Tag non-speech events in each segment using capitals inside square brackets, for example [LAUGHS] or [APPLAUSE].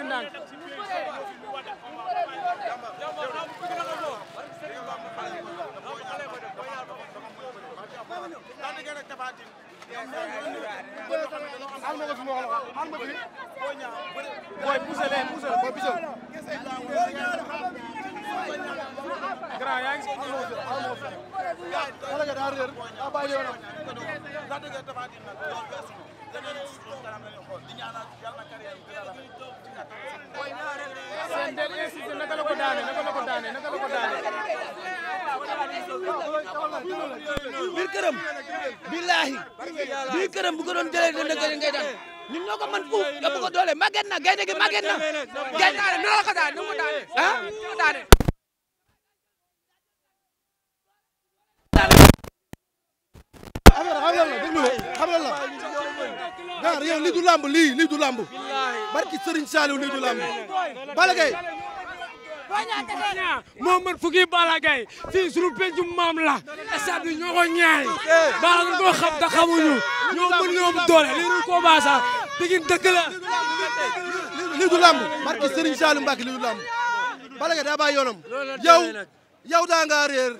def ndànk boy pousse leen pousse leen boy pousse grand yaa ngi si amoo fi amoo fi xale nga daa réer daa bàyyi yoonam seen del insisté naka la ko daane naka la ko daane naka la ko daane. biir këram. billaahi. biir këram bu ko doon jëlee dana gën ngay daan. ñun ñoo ko mën fuuf nga bu ko doole màgget na gaynde gi màgget na. gaynde daane noo la ko daane noo ko daane. ah. xam la gaar yow lii du lamb lii lii du lamb barki Serigne Saliou lii du lamb Balla Gaye moo mën fukki Balla Gaye fii sunu pencum maam la stade bi ñaay Balla Gaye koo xam te xamuñu ñoo mën ñoom doole lii du combat sax digin lii du lamb barki Serigne Saliou Mbacké lii du lamb Balla daa bàyyi yoonam yow yow daa nga réer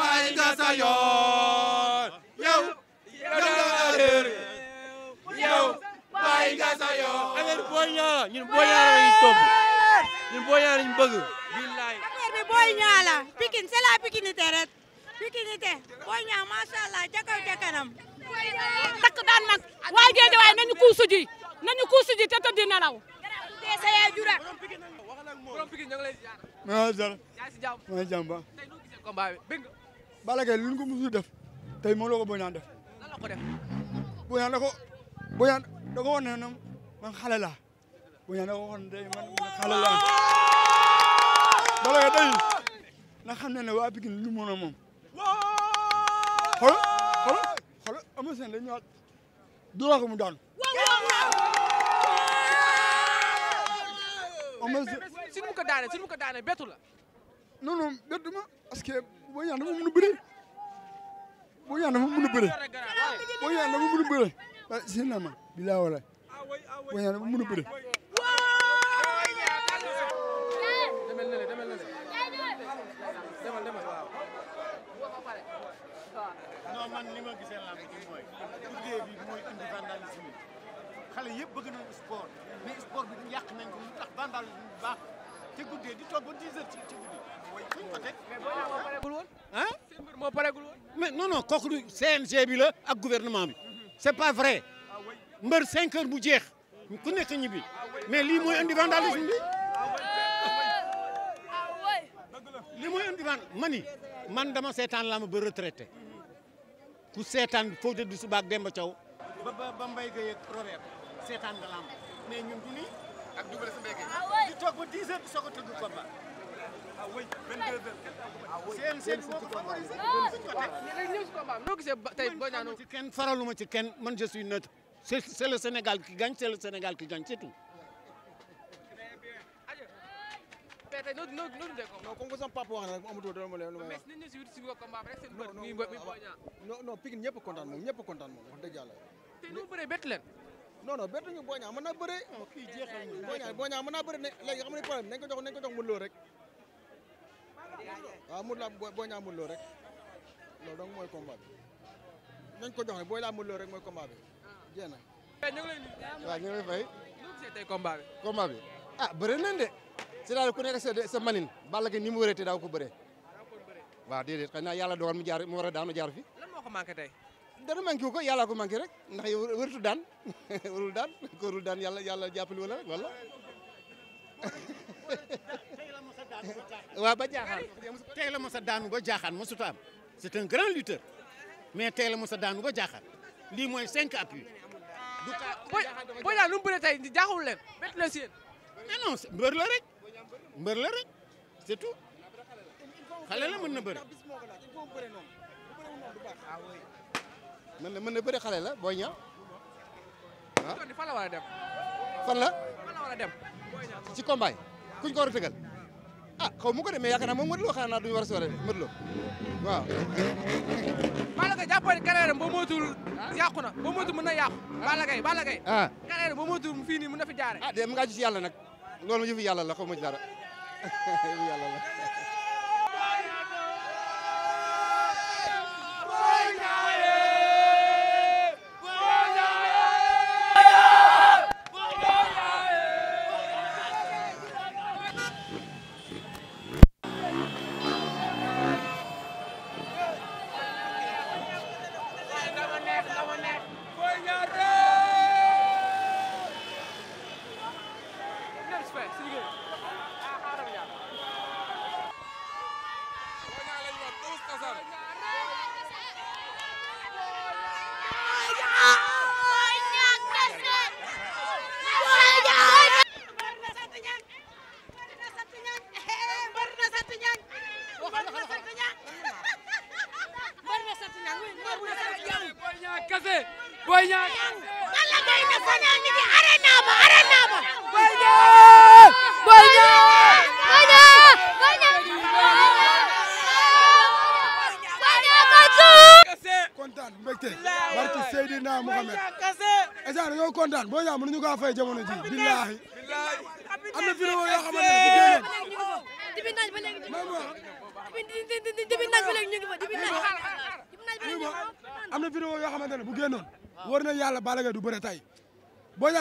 bàyyi nga sa yoon yow yow yow bàyyi nga sa yoon affaire booy ñaala ñun booy ñaala lañu topp ñun booy ñaala lañu bëgg billaay affaire bi booy ñaala Pikine c'est la pikinité rek pikinité booy ñaa macha allah jakaw jakanam takk daan nag waaye géej waaye nañu kuusu ji nañu kuusu ji te tëddi nelaw sa yaay jura borom Pikine ñoo ngi lay ziar maa ngi si jàmm maa ngi si jàmm ba combat bi Balla Gaye lu ñu ko musul def tey moom la ko Boy Niang def. lan la ko def. Boy Niang da ko Boy Niang da ko wan ne man xale laa Boy Niang da ko wan ne man xale laa Balla Gaye tey na xam ne ne waa Pikine lu mu mën a moom. xool xool xool Eumeu Sène dañu ñëwaat dóor ko mu daanu. Eumeu Sène. suñu mu ko daane suñu mu ko daane bettu la. non non bettuma parce que Boy Niang dafa mën a bëre Boy Niang dafa mën a ma bilaa wala Boy Niang dafa mën a bëre non man li ma gisee làmb ji sport mais sport bi yàq nañ ko mu tax te guddee di toog ba 10 heures ci ah moo pareegul woon mais non non bi la ak gouvernement bi c'est pas vrai mbër cinq heures bu jeex ku nekk ñibbi mais lii mooy indi vandalisme bi lii mooy indi mani man dama seetaan laa ma ba retraité ku seetaan foo tëdd suba Demba Thiaw ba ba Mbaye seetaan nga làmb ñun du ak double sa Mbaye Gueye di toog ba 10 heures di soog noo gisee tey boo ñaanoo ci kenn faraluma ci kenn man je suis neutre c'est le Sénégal qui gagne c'est le Sénégal qui gagne c'est tout. mais tey noo noo noo dundee ko. non comme papa wax na rek amatul dara ma leen lu may wax. mais nit si wut ñëpp kontaan moom ñëpp kontaan moom wax dëgg yàlla. te nu mu bëree bett leen. non non bettuñu boo ñaa mën naa bëree. na boo ñaa boo ñaa mën naa bëree ne léegi xam nga problème nañ mu loo rek waaw Modou Lo Boy Niang Modou Lo mooy combat ko jox rek Boy rek mooy combat na. ñu ngi lay nuyu. waaw ñu ngi lay fay. nu mu tey combat de. c'est-à-dire ku ni mu wëree te daaw ko bëree. waaw déedéet xëy na yàlla dogal mu jaar mu war a daan mu jaar fi. lan moo ko manqué ko yàllaa rek ndax yow wërtu daan warul daan ko daan yàlla yàlla jàppale wala wala. waa ba jaaxaan tey la mos a daanu ba jaaxaan mosut am c'est un grand lutteur mais tey la mos a daanu ba jaaxaan lii mooy cinq appuis. du cas boo jaaxaan lu mu bëree tey jaaxul leen bett mbër la rek mbër la rek c'est tout xale la mën na bëri. mën na mën xale la booy ñaaw. ah fan la war dem. fan ci combat kuñ ko war ah xaw ma ko de mais yaakaar naa moom Modou Lo xanaa naa duñu war a sore Modou Lo waaw. Balla Gaye jàppoo ne carrière boo moytuwul ah. yàqu na boo moytuwul mën na yàqu. Ah. Balla Gaye Balla Gaye. ah carrière boo moytuwul fii nii mën na fi jaare ah de mu ngaa gis yàlla nag loolu yëfu yàlla la xaw ma ci dara [LAUGHS] yëfu yàlla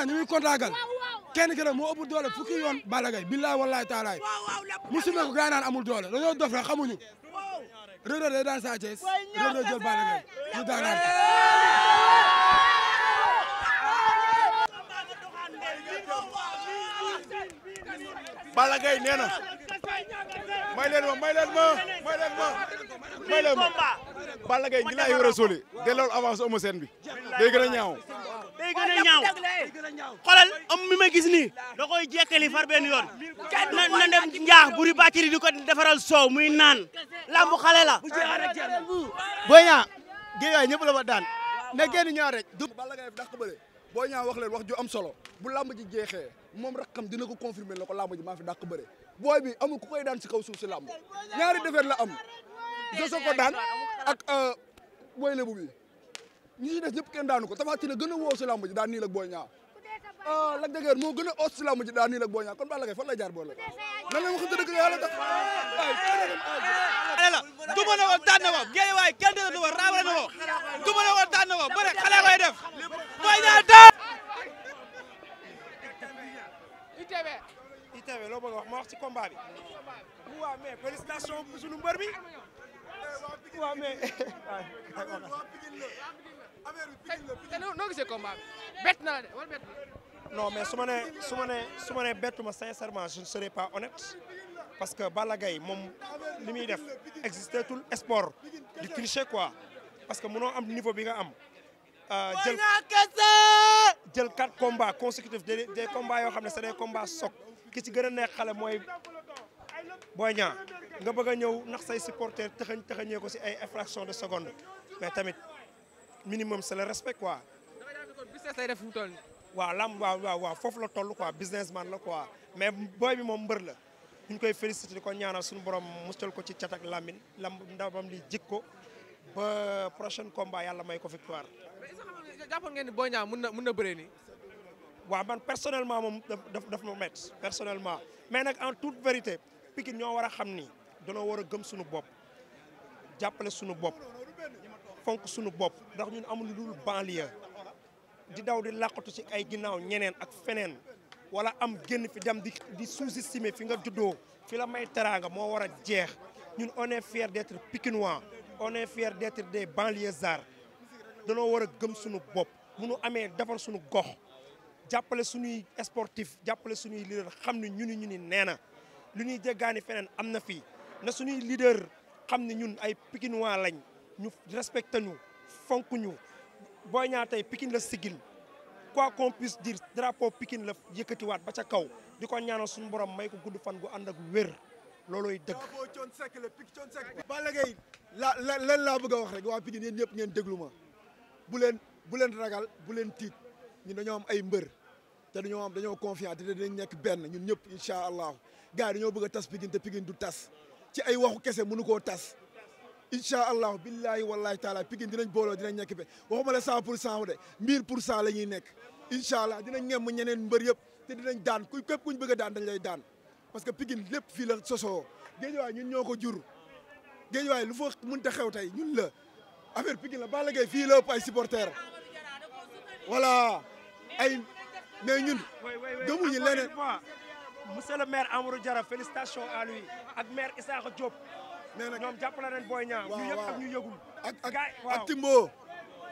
ñu muy kontaagal kenn ki nag moo ëpp doole fukki yoon Balla Gaye billaay wallaay taalaay mu sumee ko gaa naan amul doole dañoo dof rek xamuñu Reug Reug day daan Sa Thiès Reug Reug jël Balla Gaye ñu daanaat Balla Gaye nee na may leen ma may leen ma may leen ma may leen ma Balla Gaye ngi laay war a soli delloo avance amu seen bi day gën a ñaaw ñaaw xoolal am mi ma gis nii da koy jekkali far benn yoon na na dem njaax buri bàcciri di ko defaral soow muy naan lambu xale la Boy Niang ña ñëpp la ba daan na génn ñaar rek du Balla Gaye dàq bëre boo Niang wax leen wax ju am solo bu lamb ji jeexee moom rakkam dina ko confirmer la ko lamb ji maa fi dàq bëre booy bi amul ku koy daan si kaw suuf si lamb ñaari defet la am joso ko daan ak euh, booy lebu bi ñi ci des ñëpp kenn daanu ko Tapha Tine gën a woo si lamb ji daan nii la Boy Niang ah Lac moo gën a os si lamb ji daan nii la Boy Niang kon Balla Gaye fan lay jaar boole nan la ma xam te dëgg yàlla tax ale la na ko daan na ko géej waay kenn dina duma raawale na ko duma na ko daan na ko ba rek xale wax ma wax ci combat waaw mais waaw. noo gisee combat bett naa la mais su ma nee su ma nee su ma nee bettu ma sincèrement je ne serai pas honnête parce que Balla Gaye moom li muy def existé tul sport di tricher quoi parce que mënoo am niveau bi nga am. Euh, jël jël quatre combats consécutifs des des combats yoo xam ne c'est des combats soog ki ci gën a neex xale mooy. Boy Niang nga bëgg a ñëw ndax say supporters tëxañ tëxañee ko si ay infraction de seconde mais tamit minimum c'est le respect quoi. waa lam waa waaw waaw foofu la toll quoi businessman la quoi mais booy bi moom mbër la ñu koy félicité di ko ñaanal suñu borom musal ko ci cat ak lamin lam ndabam li jik ko ba prochain combat yàlla may ko victoire. mais jàppoon ngeen ni ñaa mun na mën na bëree nii. waaw man personnellement moom daf daf ma métti personnellement mais nag en toute vérité. Pikine ñoo war a xam ni danoo war a gëm suñu bopp jàppale sunu bopp fonk sunu bopp ndax ñun amul lu dul banlieue di daw di làqatu ci ay ginnaaw ñeneen ak feneen wala am génn fi dem di di sime fi nga juddoo fi la may teraanga moo war a jeex ñun on est fier d'être pikinois on est fier d'être des banlieusards danoo war a gëm suñu bopp bu nu amee dafar suñu gox jàppale suñuy sportif jàppale suñuy leader xam ne ñu ni ñu ni nee na lu ñuy jéggaani feneen am na fii na suñuy leader xam ne ñun ay pikinois lañ ñu respecté ñu fonk ñu booy Niang tey Pikine la sigil quoi qu'on puisse dire drapeau Pikine la yëkkatiwaat ba ca kaw di ko ñaanal suñu borom may ko gudd fan gu ànd ak wér loolooy dëgg. Balla Gaye la la leen laa bëgg a wax rek waa Pikine neen ñëpp ngeen déglu ma bu leen bu leen ragal bu leen tiit ñu dañoo am ay mbër te dañoo am dañoo confiance te dinañ nekk benn ñun ñëpp incha allah. gars yi dañoo bëgg a tas Pikine te Pikine du tas ci ay waxu kese koo tas incha allah billahi wallahi taala Pikine dinañ booloo dinañ nekk be waxuma la 100 pour cent de 1000 pour cent la nekk incha allah dinañ ñemm ñeneen mbër yëpp te dinañ daan ku képp kuñ bëgg a daan dañ lay daan parce que Pikine lépp fii la sosoo géejuwaay ñun ñoo ko jur géejuwaay lu fa mënta xew tey ñun la affaire Pikine la Balla Gaye fii la ëpp ay supporters voilà ay mais ñun gëmuñu leneen monsieur le maire Amadou Diarra félicitations à ak maire Issakha Diop. nee na ñoom jàppale nañ Boy Niang. ñu yëpp ak ñu ak ak ak Timbo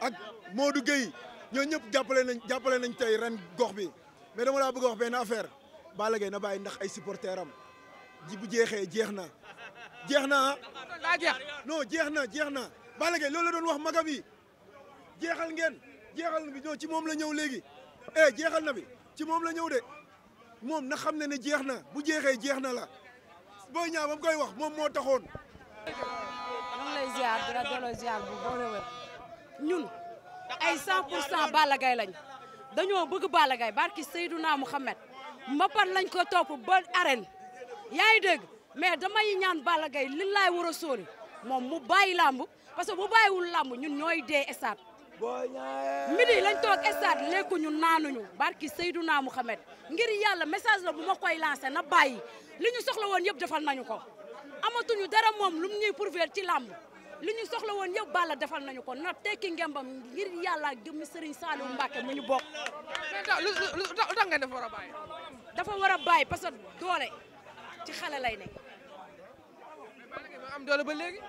ak Modou Gueye ñoo ñëpp jàppale nañ jàppale nañ tey ren gox bi mais dama laa bëgg a wax benn affaire Balla Gaye na bàyyi ndax ay supporteurs am ji bu jeexee jeex na jeex na ah. jeex jeex na jeex na Balla Gaye loolu la doon wax magam yi jeexal ngeen jeexal na bi non ci moom la ñëw léegi eh jeexal na bi ci moom la ñëw de. moom na xam ne ne jeex na bu jeexee jeex na la boo Niang ba mu wax moom moo taxoon. ñu ngi lay ziar di la delloo ziar bu boole ñun ay 100 pour cent Balla Gaye lañ dañoo bëgg Balla Gaye barki Seydouna Mouhamed mbapat lañ ko topp ba arène yaa ngi dégg mais damay ñaan Balla Gaye li laay war a sóori moom mu bàyyi làmb parce que bu bàyyiwul làmb ñun ñooy dee esaat. midi lañ toog stade lekkuñu naanuñu barki Seyduna Muhammad ngir yàlla message la bu ma koy lancé na bàyyi li ñu soxla woon yëpp defal nañu ko amatuñu dara moom lu mu ñuy prouver ci làmb li ñu soxla woon yëpp Balla defal nañu ko na tekki ngembam ngir yàlla jëmmi Serigne Saliou Mbacke mu ñu bokk. lu tax ngeen war a bàyyi. dafa war a bàyyi parce que doole ci xale lay nekk. ba léegi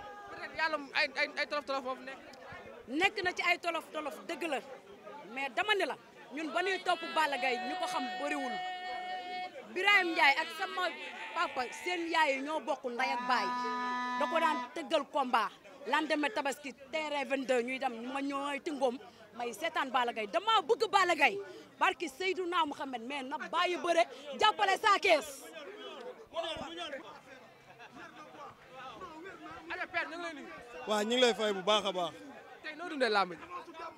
nekk na ci ay tolof tolof dëgg la mais dama ne la ñun ba ñuy topp Balla Gaye ñu ko xam bëriwul Birahim Ndiaye ak sama papa seen yaay ñoo bokk nday ak baay da ko daan tëggal combat lendemain tabaski terrain 22 ñuy dem ma ñooy tingoom may seetaan Balla Gaye dama bëgg Balla Gaye barki Seydina Mouhamed mais na bàyyi bëre jàppale saa kees waaw ñu bu baax tey noo dundee làmb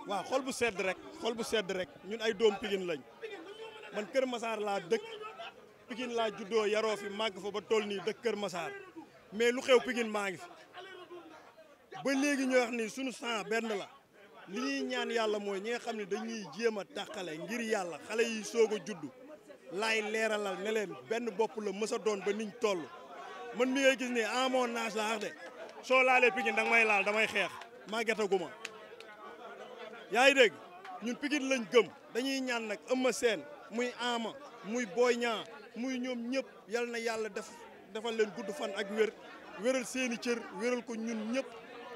waaw xol bu sedd rek xol bu sedd rek ñun ay doom Pikine lañ man Kër masaar laa dëkk Pikine laa juddoo yaroo fi màgg fa ba toll nii dëkk Kër Massar mais lu xew Pikine maa ngi fi ba léegi ñu xam ni suñu sang benn la li ñuy ñaan yàlla mooy ñi nga xam ne dañuy jéem a tàqale ngir yàlla xale yi soog a juddu laay leeralal ne leen benn bopp la mës a doon ba niñ toll man mi ngay gis ne amoon naas la wax de soo laalee Pikine danga may laal damay xeex. màggataguma yaa ngi dégg ñun Pikine lañ gëm dañuy ñaan nag Eumeu seen muy Ama muy Boy Niang muy ñoom ñëpp yal na yàlla def defal leen gudd fan ak wer wéral seeni cër wéral ko ñun ñëpp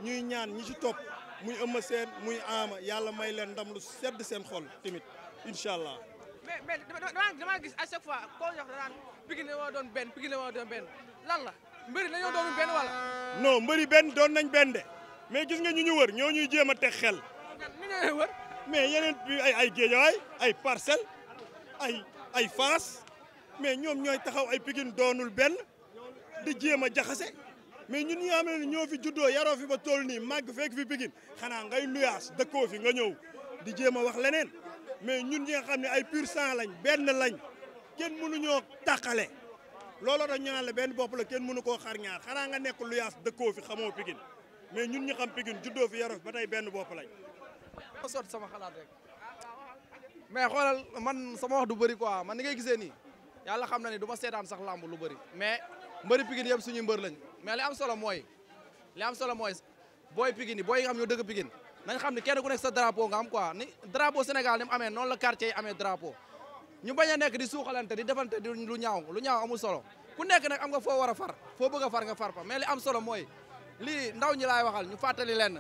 ñuy ñaan ñi ci topp muy Eumeu seen muy Ama yàlla may leen ndam lu sedd seen xol tamit incha allah. mais mais damaa damaa gis à chaque fois koo jox da daan Pikine doon benn Pikine la war a la mbëri la ñoo doon benn wala. non mbëri ben doon nañ benn mais gis nga ñu ñu wër ñoo ñuy jéem a teg xel. mais yeneen ay ay Géejawaay ay Parcelles ay ay Fass mais ñoom ñooy taxaw ay Pikine doonul benn di jéem a jaxase mais ñun ñu xam ne ñoo fi juddoo yaroo fi ba tool nii màgg fekk fi Pikine xanaa ngay luyaas dëkkoo fi nga ñëw di jéem a wax leneen mais ñun ñi nga xam ne ay pur sang lañ benn lañ kenn mënuñoo tàqale looloo dañ ñu naan le benn bopp la kenn mënu koo xar ñaar xanaa nga nekk luyaas dëkkoo fi xamoo Pikine mais ñun ñu xam Pikine juddoo fi yaroo fi ba tey benn bopp lañ. ma sotti sama xalaat rek mais xoolal man sama wax du bëri quoi man ni ngay gisee nii yàlla xam na ni du ma seetaan sax lu bëri mais mbëri Pikine yëpp suñuy mbër lañ mais li am solo mooy li am solo mooy booy Pikine yi booy nga xam ñoo dëkk nañ xam ni kenn ku nekk sa drapeau nga am quoi ni drapeau Sénégal ni amee noonu la quartier amee drapeau ñu bañ a nekk di suuxalante di defante lu ñaaw lu ñaaw amul solo ku nekk nag am nga foo war a far foo bëgg a far nga far fa mais li am solo mooy lii ndaw ñi laay waxal ñu fàttali lenn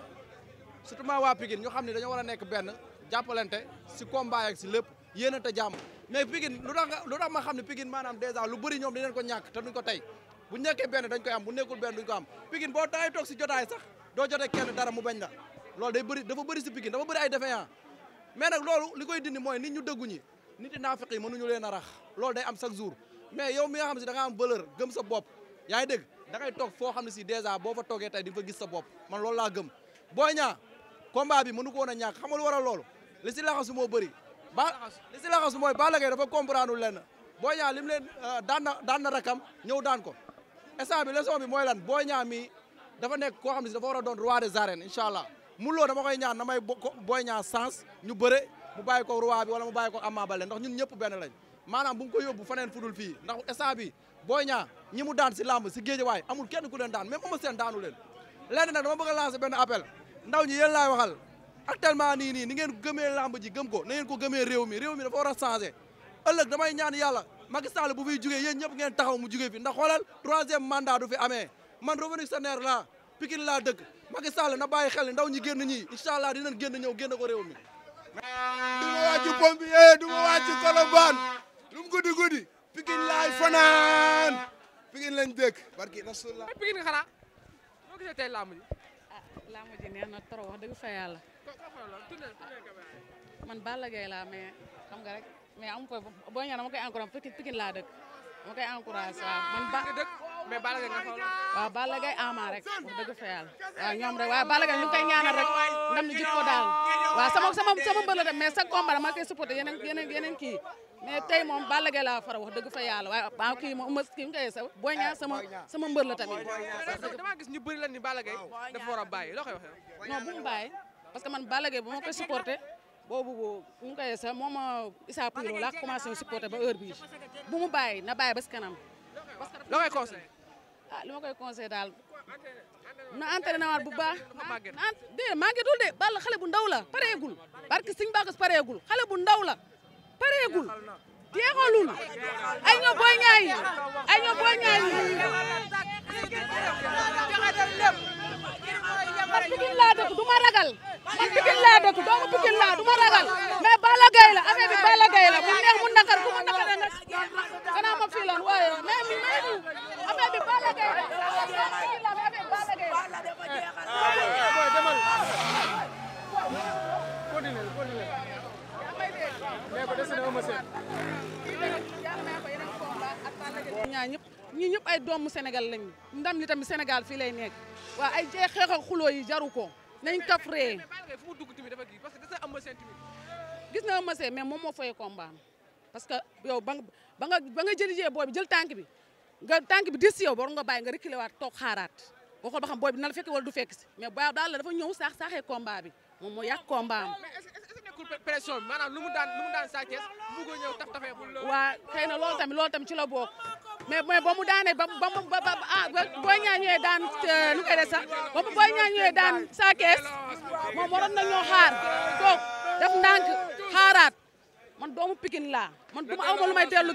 surtout maa waa Pikine ñu xam ne dañoo war a nekk benn jàppalante si combat ak si lépp yéen te jàmm mais Pikine lu tax nga lu tax ma xam ne Pikine maanaam dèjà lu bëri ñoom dinañ ko ñàkk te duñ ko tey bu nekkee benn dañ koy am bu nekkul benn duñ ko am Pikine boo taay toog si jotaay sax doo jote kenn dara mu bañ la loolu day bëri dafa bëri si Pikine dafa bëri ay défaillant mais nag loolu li koy dindi mooy nit ñu dëggu ñi nit yi naafiq yi mënuñu leen a rax loolu day am chaque jour mais yow mi nga xam da am valeur gëm sa bopp yaa ngi dégg da ngay xam ne si dèjà boo fa toogee tey di nga fa gis sa bopp man loolu laa gëm Boy Niang combat bi mënu ko woon a ñàkk xamal waral loolu li si laxasu moo bëri ba li si laxasu mooy Balla Gaye dafa comprendre lenn Boy Niang lim leen euh, daan na daan na rakam ñëw daan ko instant bi leçon bi mooy lan Boy Niang mi dafa nekk koo xam ne si dafa war a doon roi des arènes incha allah muloo dama koy ñaan na may Boy Niang sens ñu bëre mu bàyyi ko roi bi wala mu bàyyi ko Ama Baldé ndax ñun ñëpp benn lañ maanaam bu mu ko yóbbu faneen fudul fii ndax instant bi booy Niang ñi mu daan si làmb si géejawaay amul kenn ku leen daan même ama seen daanu leen lenn nag dama bëgg a lancer benn appel ndaw ñi yéen laay waxal actuellement nii nii ni ngeen gëmee làmb ji gëm ko na ngeen ko gëmee rew mi réew mi dafa war a changé ëllëg damay ñaan yàlla maki Sall bu fiy jugee yéen ñëpp ngeen taxaw mu jugee fi ndax xoolal troisième mandat du fi amee man révolutionnaire laa Pikine laa dëkk maki Sall na bàyyi xel ndaw ñi génn ñi incha allah dinañ génn ñëw génn ko réew mi du ma wàcc pompier du ma wàcc Colobane lu mu guddi guddi Pikine laay fanaan Pikine lañ dëkk barki rasulullah Pikine nga xanaa noo gisee tey làmb ji ah làmb ji neex na trop wax dëgg fa yàlla man Balla Gaye laa mais xam nga rek mais am ko boo ñaan dama koy encouragé Pikine laa dëkk dama koy encouragé waaw man ba dëkk mais Balla Gaye nga xool waaw Balla Gaye ama rek wax dëgg fa yàlla waaw ñoom rek waaw Balla Gaye ñu koy ñaanal rek ndam li jik ko daal waaw sama sama sama mbër la dem mais sa combat dama koy supporté yeneen yeneen yeneen kii mais tey moom Balla Gaye laa fara wax dëgg fa yàlla waaye waaw ah kii moom mas kii tey sa eh, Boy Niang sama sama mbër la tamit. gis ñu bëri la ni Balla Gaye a bàyyi loo koy bu mu bàyyi parce que man Balla Gaye bu ma koy supporté boobu bu ñu koy sa moom Issa Pouye laa commencé supporté ba heure bii bu mu bàyyi na baay ba si kanam. loo koy conseillé. ah li ma koy conseillé daal. na entraîné waat bu baax. Ah, déedéet màggetul de Balla xale bu ndaw la pareegul. barke Sëñ Bakos gul xale bu ndaw la. pareegul jeexalul ay ño booy ñaay ay ño booy ñaay man pikin laa dëkk du ma ragal man pikin laa dëkk doomu pikin laa ragal ma fii lan waaye mais mi mais affaire bi Balla Gaye la affaire bi Balla ay doomu Sénégal lañu ndam li tamit Sénégal fii lay nekk waaw ay jeex xeex ak yi jaru ko nañ kaf ree fu mu dugg tamit dafa kii parce que dasa am seen tamit gis na am mais moom moo fay combat parce que yow ba ba nga ba nga jëli jee boobi jël tànk bi nga tànk bi dis yow war nga bàyyi nga reculer waat toog xaaraat boo xool ba xam booy bi fekk wala du fekk si mais baaw daal la dafa ñëw saax saaxee combat bi moom moo yàq combat am pression bi maanaam lu mu daan lu mu daan Sa Thiès mu bëgg a ñëw taf tafee. waa xëy na loolu tamit loolu tamit ci la bokk mais mais ba mu daanee ba mu ba ah booy ba booy ñaa ñëwee daan euh, saa kees moom waroon nañoo xaar toog def ndànk xaaraat man doomu Pikine laa man du ma aw ma lu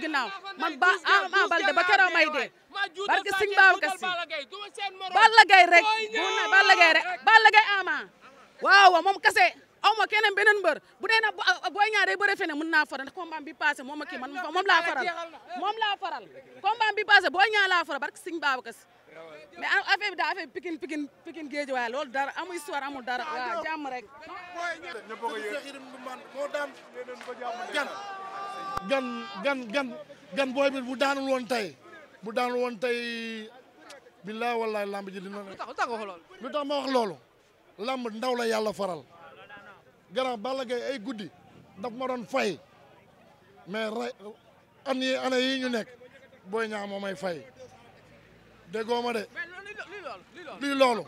man ba Ama ah, Baldé ba keroog may dee barke Sëñ Babacar Si Balla Gaye rek rek Balla Gaye Ama waaw moom kase aw ma keneen beneen mbër bu dee nag booy ah, ñaar day bëre fene mën naa faral ndax combat bi passé moom a kii man moom laa faral moom laa faral combat bi passé booy ñaar laa faral barke Sëñ Babacar mais affaire bi daal affaire bi pikin pikin pikin géej dara amul histoire amul dara waaw jàmm rek gan gan gan gan gan bu daanul woon tey bu daanul woon tey billaay wallaay lamb ji dina lu tax ma wax loolu lamb ndaw la yàlla faral grand Balla ay guddi daf ma doon fay mais ray an yi ana ñu nekk Boy Niang moo fay déggoo ma de lii loolu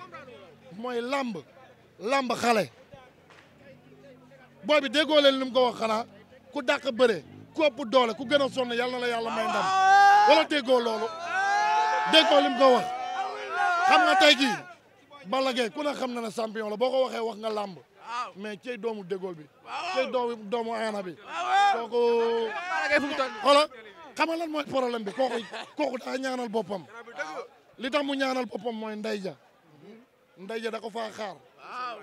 mooy làmb làmb xale booy bi déggoo leen mu ko wax xanaa ku dàq bëre ku ëpp doole ku gën a sonn yàlla na la yàlla may ndam wala déggoo loolu déggoo li mu ko wax xam nga tey jii Balla Gaye ku na xam na ne champion la boo ko waxee wax nga làmb mais cey doomu dégool bi. cey doomu doomu aana bi. kooku. xoolal bi kooku daa ñaanal boppam. li tax mu ñaanal boppam mooy ndeyja. ndeyja da ko faa xaar.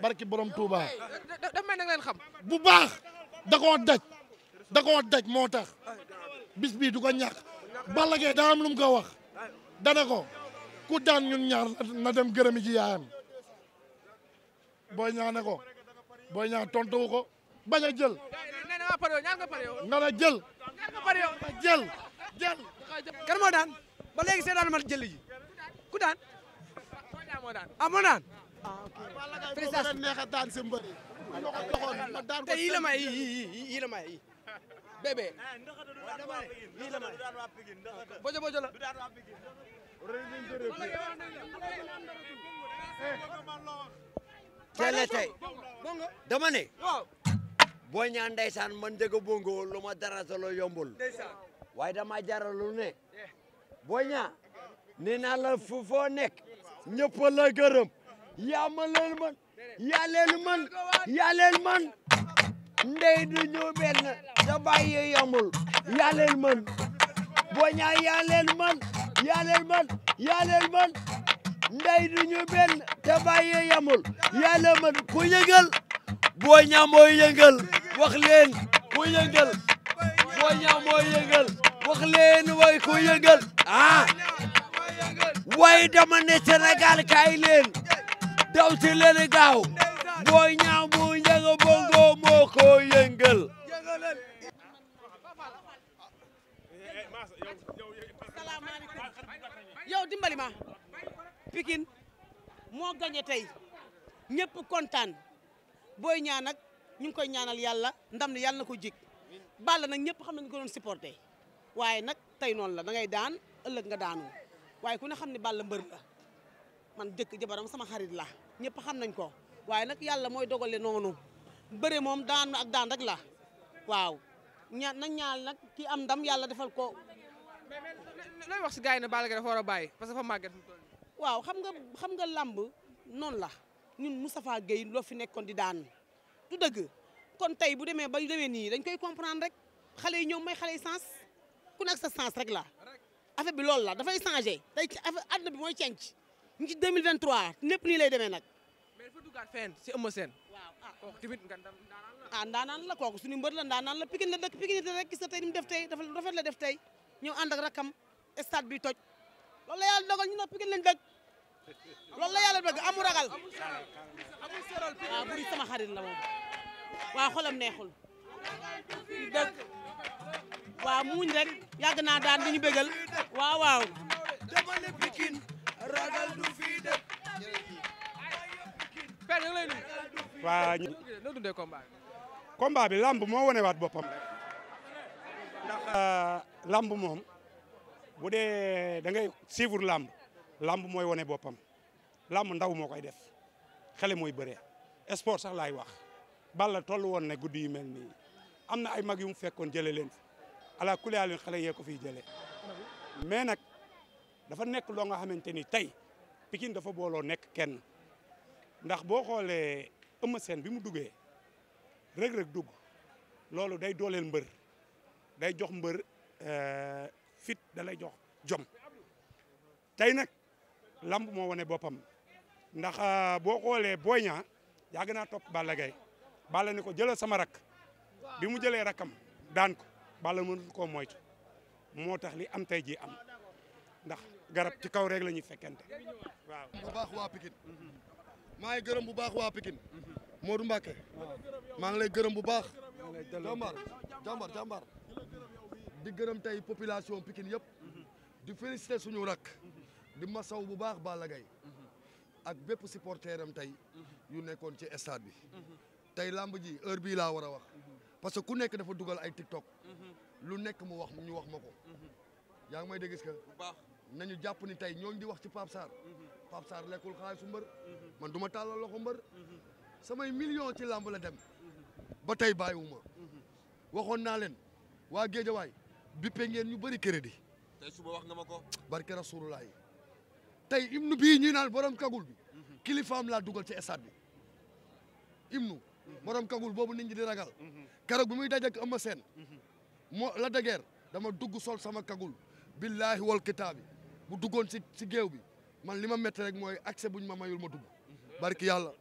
barki borom Touba. da may nag leen xam. bu baax da koo daj. da koo daj moo tax. bis bii du ko ñàkk. Balla Gaye daa am lu ko wax. dana ko ku daan ñun ñaar na dem gërëmi ji yaayam. booy ñaane ko. Boy Niang tontuwu ko bañ a jël. nga la jël. jël jël. kan moo daan ba léegi seetaan ma daan ah moo daan. félicitation neex a daan si mbër yi. te yii la may bojo bojo la. teel a tey dama ne. Boy Niang ndeysaan man Ndiaga Bongo lu ma dara solo yombul. waaye dama jaralu ne. Boy Niang naa la fu foo nekk. ñëpp la yaa ma man yaa leen man yaa leen man ndey du yombul. yaa leen man Boy yaa leen man yaa leen man yaa leen man. ndey du ñu benn te bàyyi yamul yàlla man ku yëngal boo ñaa mooy yëngal wax ku yëngal boo ñaa mooy yëngal wax way ku yëngal ah way dama ne Sénégal kaay leen gaaw boo ñaa moo njëga bongo moo ko yëngal Pikine moo gañe tey ñëpp kontaan booy ñaan nag ñu ngi koy ñaanal yàlla ndam li yàlla na ko jig Balla nag ñëpp xam nañ ko doon supporté waaye nag tey noonu la da ngay daan ëllëg nga daanoo waaye ku ne xam ne Balla mbër la man jëkk jabaram sama xarit la ñëpp xam nañ ko waaye nag yàlla mooy dogale noonu bëre moom daanu ak daan rek la waaw ña nañ ki am ndam yàlla defal ko. mais mais looy wax si gars yi ne Balla Gaye dafa war a bàyyi parce que waaw xam nga xam nga làmb noonu la ñun Moustapha Gueye loo fi nekkoon di daan du dëgg kon tey bu demee ba demee nii dañ koy comprendre rek xale yi ñëw may xale yi sens ku nekk sa sens rek la affaire bi loolu la dafay changé tey affaire bi mooy cenc ñu ci 2023 lépp nii lay demee nag. mais dafa duggaat fenn si Eumeu Sène. waaw ah ndaanaan la. ah ndaanaan la kooku suñu mbër la ndaanaan la Pikine la dëkk Pikine rek gis nga tey ni def tey dafa rafet la def tey ñëw ànd ak rakam stade bi toj. loolu la yàlla dogal ñu ne Pikine lañ dëkk loolu la yàlla bëgg amul ragal amul buri sama xarit la moom waaw xolam neexul di dëkk waaw muñ rek yàgg naa daan di ñu bégal waaw waaw dama ne Pikine ragal du fii dëkk père lay dundee combat bi combat bi lamb moo wane waat boppam euh, lamb moom bu dee da ngay suivre làmb làmb mooy wane boppam làmb ndaw moo koy def xale mooy bëree sport sax laay wax Balla toll woon ne guddi yu mel nii am na ay mag yu mu fekkoon jëlee leen fi ala kuleyaalin xale yee ko fiy jëlee mais nag dafa nekk loo nga xamante ni tey Pikine dafa booloo nekk kenn ndax boo xoolee Eumeu Sène bi mu duggee Reug Reug dugg loolu day dooleel mbër day jox mbër euh, fit da lay jom tey nag lamb moo wone boppam ndax euh, boo xoolee Boy Niang yàgg naa topp Balla Gaye Balla ne ko jëlal sama rak bi mu jëlee rakam daan ko Balla mënut koo moyt moo tax li am tey ji am ndax garab ci kaw rek la ñuy fekkente bu baax waa Pikine maa ngi gërëm bu baax waa Pikine maa ngi gërëm bu baax. jàmbar jàmbar jàmbar. di gërëm tey population Pikine yëpp di féliciter suñu rakk di masaw bu baax Balla Gaye ak bépp supporter am tey yu nekkoon ci stade bi tey làmb ji heure bii laa war a wax parce que ku nekk dafa dugal ay TikTok lu nekk mu wax ñu wax ma ko yaa ngi may dégg que nañu jàpp ni tey ñooñu di wax ci Pape Sarr Pape Sarr lekkul xaalisu mbër man du ma tàllal loxo mbër samay million ci làmb la dem ba tey bàyyiwuma waxoon naa leen waa Géejawaay bippe ngeen ñu bëri crédit. tey suba wax nga ma ko. barke Rasulullah yi tey hymne bii ñuy naan borom kagul bi. kilifaam laa dugal ci stade bi. hymne borom kagul boobu nit di ragal. keroog bi muy dajeeg Eumeu Sène. moo la dajeer dama dugg sol sama kagul. billahi wal kitaabi bu duggoon ci ci géew bi man li ma métti rek mooy bu buñ ma mayul ma dugg. barki yàlla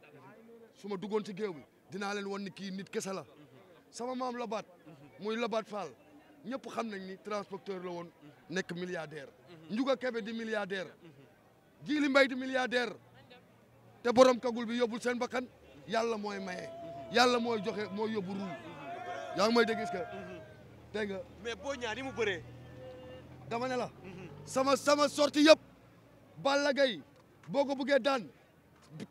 su ma duggoon ci géew bi dinaa leen wan ni kii nit kese la. sama maam Labaat. muy Labaat Fall. ñëpp xam nañ ni transporteur la woon nekk milliardaire Ndiouga Kébé di milliardaire Djily Mbaye di milliardaire te borom kagul bi yóbbul seen bakkan yàlla mooy maye yàlla mooy joxe mooy yóbbu ruu yaa ngi may dégg est-ce nga mais boo ñaar ni mu bëree dama ne la mhm. sama sama sorti yëpp Balla Gaye boo ko bëggee daan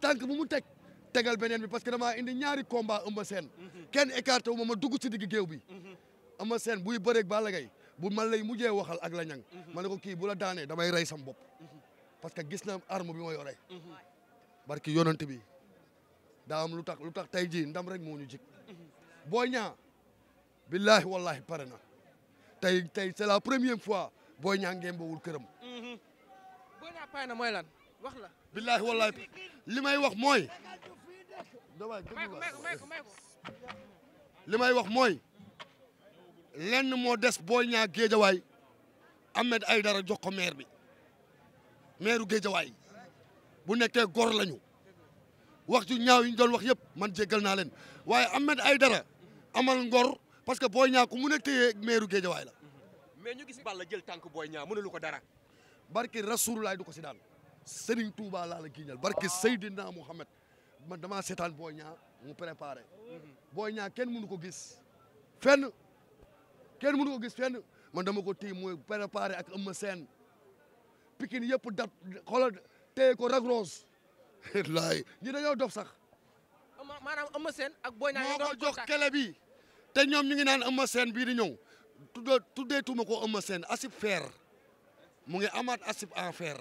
tànk bu mu teg tegal beneen bi parce que damaa indi ñaari combat ëmb seen mhm. kenn écarté wu ma ma dugg ci digg géew bi mhm. Eumeu seen buy bëreeg Balla Gaye bu man lay mujjee waxal ak la ñang mhm. ma ne kii bu la daanee damay rey sam bopp mhm. parce que gis na arme bi ma yore mhm. barki yonent bi daa am lu tax lu tax tey jii ndam rek moo ñu jik Boy Niang billahi wallahi pare na tey tey c'est la premier fois Boy Niang ngeen bawul këram Boy wax la billahi wallahi li may wax mooy li may wax mooy lenn moo des Boy Niang Géejawaay Ahmed ay dara ko maire bi maire Géejawaay bu nekkee góor lañu wax ju ñaaw yi doon wax yëpp man jéggal naa leen waaye ay Aïdara amal ngor parce que Boy Niang ku mun a téye maire Géejawaay la. mais ñu gis Balla jël tànk Boy Niang lu ko dara. barki Rasulullah du ko si daan Serigne Touba laa la giñal barki Seydina Mohamed man damaa seetaan Boy Niang mu préparé mhm. Boy Niang kenn mënu ko gis fenn. kenn mënu ko gis fenn man dama ko téye mooy préparé ak Eumeu Sène Pikine yëpp dat xoolal téye ko Lac Rose [LAUGHS] laay ñi dañoo dof sax maanaam Eumeu ak moo ko jox kele bi te ñoom ñu ngi naan Eumeu Sène bii di ñëw tuddee tuddee tuuma ko Eumeu Sène asib fer mu ngi amaat asib en fer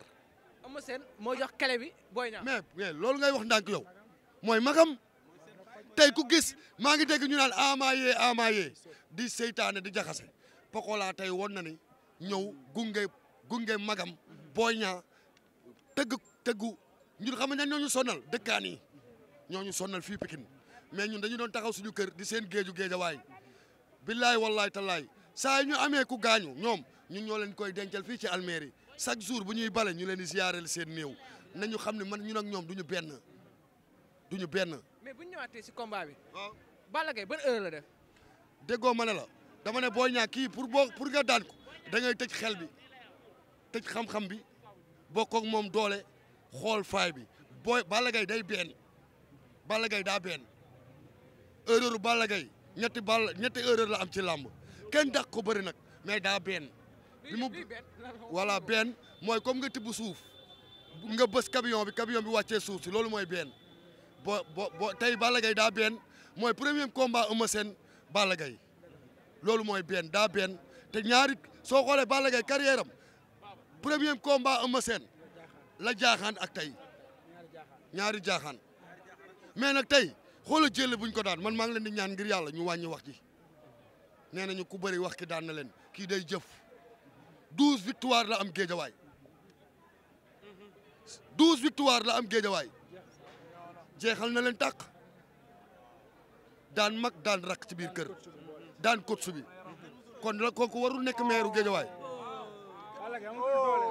Eumeu Sène moo jox kele bi Boy Niang loolu ngay wax ndànk yow mooy magam tey ku gis maa ngi dégg ñu naan Ama yee Ama di seytaane di jaxase Pokola tey won na ni ñëw gunge gunge magam Boy Niang tëgg tëggu ñun xam nga ñoo ñu sonal dëkkaan yi ñoo ñu sonal fii Pikine mais ñun dañu doon taxaw suñu kër di seen géeju waay billaay wallaay tallaay saa ñu amee ku gaañu ñoom ñun ñoo leen koy dencal fii ci almeri chaque jour bu ñuy bale ñu leen di ziyaareel seen néew nañu xam ne man ñu ak ñoom du ñu benn du benn mais bu ñu ñëwaatee si combat bi. waaw Balla ma ne la dama ne boo ñaa kii pour boo pour nga daan ko da tëj xel bi tëj xam-xam bi bokk ak moom doole xool faay bi booy Balla Gaye day benn Balla Gaye daa benn erreur Balla Gaye ñetti ball ñetti erreur la am ci làmb kenn dàq ko bëri nag mais daa benn. li mu mooy comme nga tibb suuf nga bës camion bi camion bi wàccee suuf si loolu mooy benn. bo bo tey Balla Gaye daa benn mooy premier combat Eumeu Sène Balla Gaye loolu mooy benn daa benn te ñaari soo xoolee Balla Gaye carrière am premier combat Eumeu Sène la jaaxaan ak tey ñaari jaaxaan mais nag tey xoola jël buñ ko daan man maa ngi leen di ñaan ngir yàlla ñu wàññi wax ji nee nañu ku bëri wax ki daan na leen kii day jëf douze victoire la am géejawaay douze victoire la am géejawaay jeexal na leen tàq daan mag daan rakk ci biir kër daan kot su bi kon nag kooku warul nekk meeru Géejawaay.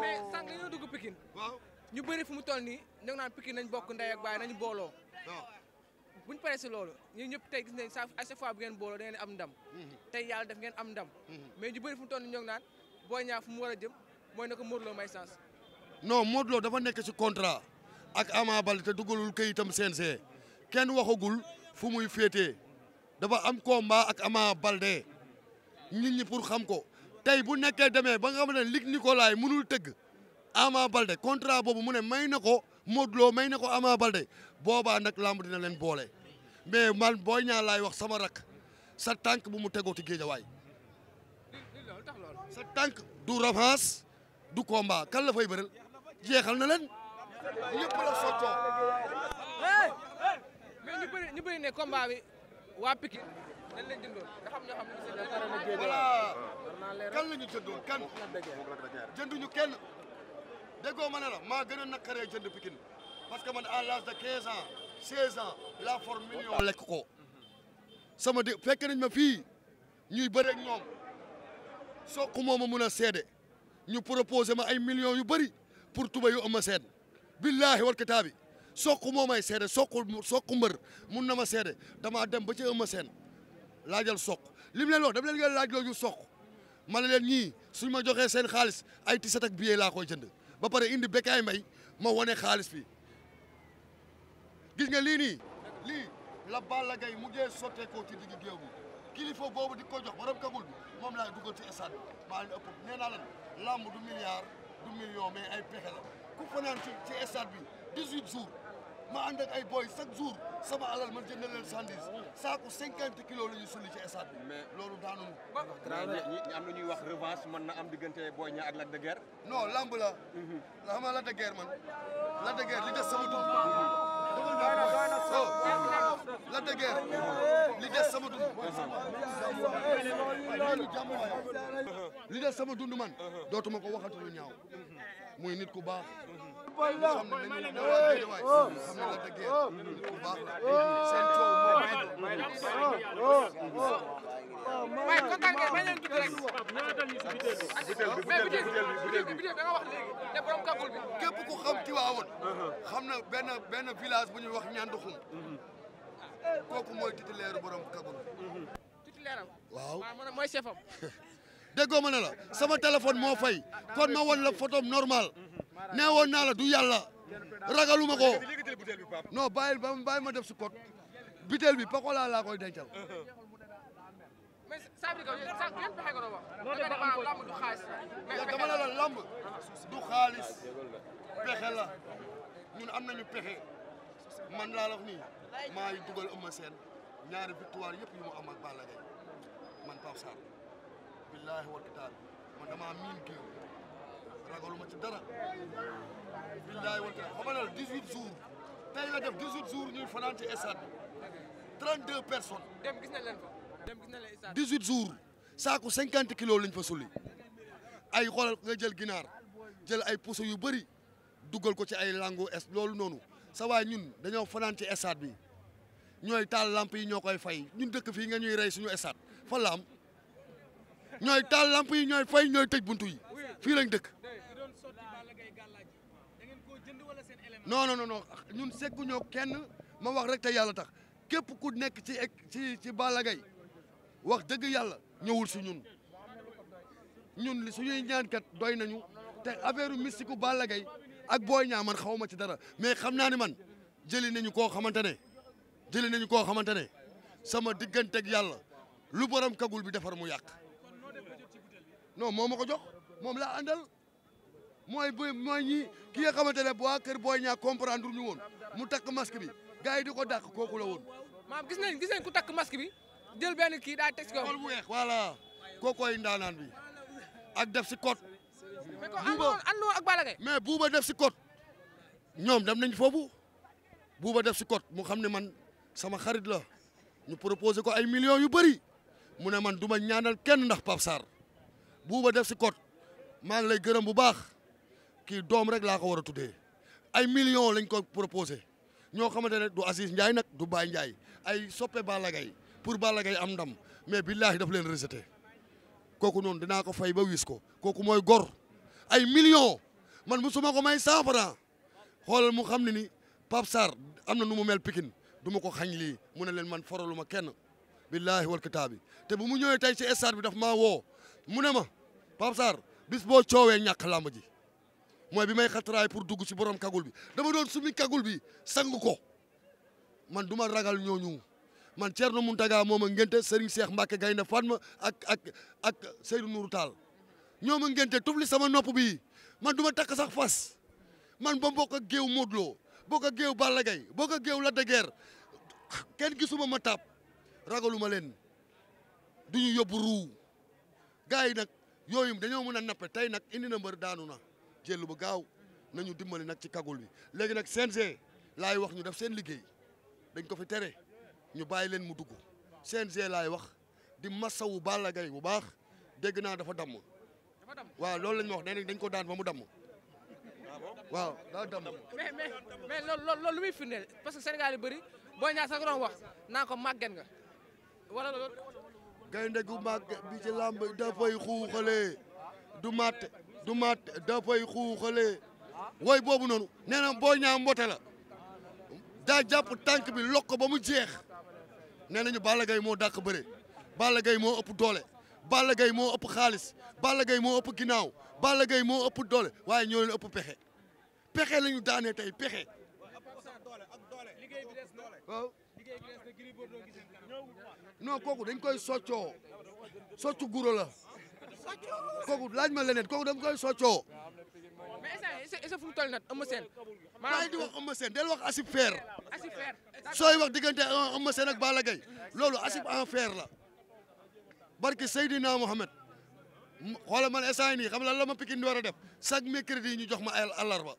mais sànq dañoo dugg Pikine. ñu bëri fu mu toll nii ñu naan Pikine nañ bokk ndey ak baay nañ booloo. bu ñu paree si loolu ñun ñëpp tey gis nañ saa à chaque fois bu ngeen booloo da ngeen am ndam. Mhm. tey yàlla def ngeen am ndam. Mhm. mais ñu bëri fu mu toll nii ñu naan boo ñaaw fu mu war a jëm mooy na ko Modou Lo may chance. non Modou dafa nekk si contrat. ak Ama Baldé te dugalul këyitam CNG kenn waxagul fu muy féetee dafa am combat ak Ama Baldé nit ñi pour xam ko tey bu nekkee demee ba nga xam ne Luc Nicolaï mënul tëgg Ama Baldé contrat boobu mu ne may na ko Modou may na ko Ama Baldé boobaa nag lamb dina leen boole mais mal booy ñaa laay wax sama rak sa tànk bu mu tegooti géejawaay sa tànk du revanche du combat kan la fay bëral jeexal na ñëpp la soccoo. mais ñu bëri ñu bëri ne combat bi waa Pikine dañ leen jëndoon ne. voilà kan la ñu jëndoon kan ma ne la maa gën a naqaree jënd Pikine parce que man à l'âge de 15 ans 16 ans la forme million lekk ko mm-hmm. sama dé fekk nañ ma fii ñuy bëre ak ñoom soq moo ma mun a seede ñu proposé ma ay millions yu bëri pour tuba yu am a seen billaahi wal kitaabi soqu moo may seede soqu soq mbër mun na ma seede damaa dem ba ci ëmma seen laajal soq li mu leen wax dama leen ngeen laaj looju soq ma ne leen ñii suñ ma joxee seen xaalis ay tisat ak billet laa koy jënd ba pare indi Bécaye Mbaye ma wane xaalis bi gis nga lii nii lii la Balla Gaye mujjee sotteekoo ci digg géew bi kilifa boobu di ko jox borom kagul bi moom laay dugal ci stade bi maa ngi ëpp nee naa du milliard du million mais ay pexe la ku fanaan ci ci stade bi 18 jours ma ànd ak ay boy chaque jour sama alal ma jëndal leen sandis saako cinquante kilos la ñuy sulli ci stade bi. mais loolu daanu. ñi am na ñuy wax revanche man na am diggante booy Niang ak Lac de Guiers. non lamb la. la mhm. xam la Lac de Guiers man Lac de Guiers li des sama dund. Mhm. dama ñëw oh, Lac de Guiers li des sama dund. Mhm. li des sama dund man. dootuma ko waxatu lu ñaaw. muy nit ku baax. xam ne xam ne la ku baax la seen rek. butéel wax léegi ne xam na benn benn village bu ñuy wax Ñanduxum. kooku mooy titulaire borom kàggul. déggoo ma ne la sama téléphone moo fay kon ma won la photo normal nee woon naa la du yàlla ragaluma ko non bàyyil ba ma def si code bitel bi Pokola laa koy dencal. la lamb du xaalis pexe la ñun am nañu pexe man laa la wax nii maa dugal Eumeu Sène ñaari victoire yëpp yu mu am ak Balla man Pape Sarr. billaahi wal kitaabi man damaa ci dara billaahi wal kitaabi xam nga loolu tey la def 18 jours ñuy fanaan ci stade bi 32 personnes. dem gis na leen fa. dem jours saako 50 kilos lañ fa ay xool nga jël ginaar jël ay puso yu bëri duggal ko ci ay lango loolu noonu sawaay ñun dañoo fanaan ci stade bi ñooy taal lamp yi ñoo koy fay ñun dëkk fii nga ñuy rey suñu stade fa laam ñooy taal lamp yi ñooy fay ñooy tëj buntu yi fii lañ dëkk. non non non ñun sekkuñoo kenn ma wax rek te yàlla tax képp ku nekk ci ci ci Balla wax dëgg yàlla ñëwul si ñun ñun suñuy ñaankat doy nañu te affaire mystique u Balla Gaye ak booy Niang man xaw ma ci dara mais xam naa ni man jëli nañu koo xamante ne jëli nañu koo xamante ne sama digganteeg yàlla lu borom kagul bi defar mu yàq. non moo ma ko jox moom laa àndal mooy bu mooy ñi ki nga xamante ne waa kër booy ñaa comprendre ñu woon mu takk masque bi gars yi di ko dàq kooku la woon. maa gis nañ gis nañ ku takk masque bi jël benn kii daa teg si kaw. bu weex voilà kookooy ndaanaan bi ak def si code. buuba ak Balla mais buuba def si code ñoom dem nañ foofu buuba def si code mu xam ne man sama xarit la ñu proposé ko ay millions yu bëri mu ne man du ma ñaanal kenn ndax Pape Sarr. buuba def si code maa ngi lay gërëm bu baax kii doom rek laa ko war a tuddee ay millions lañ ko proposé ñoo xamante ne du Aziz Ndiaye nag du baay Ndiaye ay soppe Balla Gaye pour Balla Gaye am ndam mais billahi daf leen rejeté kooku noonu dinaa ko fay ba wis ko kooku mooy gor ay millions man musuma ko may cent francs mu xam ne ni Pape Sarr am na nu mu mel Pikine du ma ko xañ lii mu ne leen man foraluma kenn billahi wal kitaabi te bu mu ñëwee tey ci stade bi daf maa woo mu ne ma Pape Sarr bis boo coowee ñàkk làmb ji mooy bi may xatraay pour dugg ci borom kagul bi dama doon sumi kagul bi sang ko man duma ma ragal ñooñu man Thierno Mountaga moom a ngente Serigne Cheikh Mbacke Gaynde Fatma ak ak ak Seydou Nourou Tall ñoom a ngente tufli sama nopp bi man du ma takk sax fas man ba bokk ak géew Modou boo ko ak balagay boo ko bokk ak géew Lac de Guiers kenn gisuma ma tàpp ragaluma leen du ñu yóbbu gars yi nag yooyu dañoo mën a nappe tey nag indi na mbër daanu na jël bu gaaw nañu dimbali nag ci kagul bi léegi nag seen CNG laay wax ñu def seen liggéey dañ ko fi tere ñu bàyyi leen mu dugg CNG laay wax di masawu Balla Gaye bu baax dégg naa dafa damm waaw loolu lañ ma wax nee dañ ko daan ba mu damm ah waaw daa damm mais mais mais loolu loolu lu muy firndeel parce que Sénégal yu bëri boo ñaa sax doon wax naa ko màggen nga wala loolu gaynde gu mag bi ci làmb dafay xuuxalee du mat du mat dafay xuuxalee way boobu noonu nee na boo ñaa mbote la daa jàpp tànk bi loko ba mu jeex nee nañu Balla Gaye moo dàq bëre bala Gaye moo ëpp doole Balla Gaye moo ëpp xaalis Balla Gaye moo ëpp ginnaaw Balla gay moo ëpp doole waaye ñoo leen ëpp pexe pexe la ñu tey pexe waaw non kooku dañu koy soccoo soccu guro la kooku laaj ma leneen kooku dañ koy soccoo. mais est-ce que fu mu toll nag Eumeu Sène. maa di wax Eumeu Sène del wax asib fer. asib fer sooy wax diggante Eumeu Sène ak Balla Gaye loolu asib en fer la barki Seydina Mohamed xoolal man instant yii nii xam la lan la ma Pikine war a def chaque mercredi ñu jox ma ay àllarba.